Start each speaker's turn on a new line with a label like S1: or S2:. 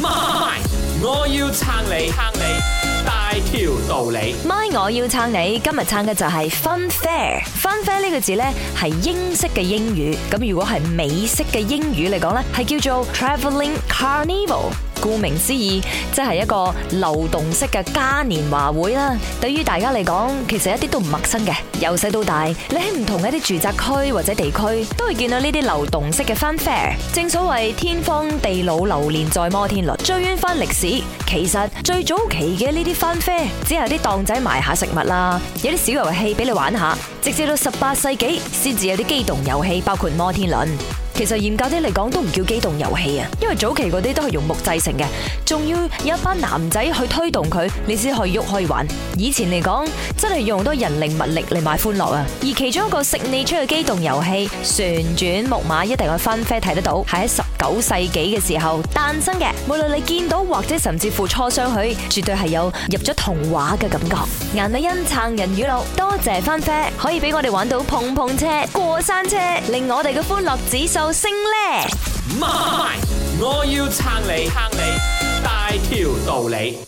S1: My，我要撐你，撐你，大條道理。My，我要撐你，今日撐嘅就係 funfair。funfair 呢個字呢，係英式嘅英語，咁如果係美式嘅英語嚟講呢，係叫做 traveling carnival。顧名思義，即係一個流動式嘅嘉年華會啦。對於大家嚟講，其實一啲都唔陌生嘅。由細到大，你喺唔同一啲住宅區或者地區，都會見到呢啲流動式嘅 fun fair。正所謂天荒地老流連在摩天輪。追翻歷史，其實最早期嘅呢啲 fun fair，只係啲檔仔埋下食物啦，有啲小遊戲俾你玩下。直至到十八世紀，先至有啲機動遊戲，包括摩天輪。其實嚴格啲嚟講都唔叫機動遊戲啊，因為早期嗰啲都係用木製成嘅，仲要有一班男仔去推動佢，你先可以喐可以玩。以前嚟講真係用好多人力物力嚟買歡樂啊，而其中一個食你出去機動遊戲旋轉木馬一定去翻啡睇得到，係啊。九世紀嘅時候誕生嘅，無論你見到或者甚至乎初相許，絕對係有入咗童話嘅感覺。顏美欣撐人語錄，多謝翻啡，可以俾我哋玩到碰碰車、過山車，令我哋嘅歡樂指數升呢！我要撐你，撐你，大條道理。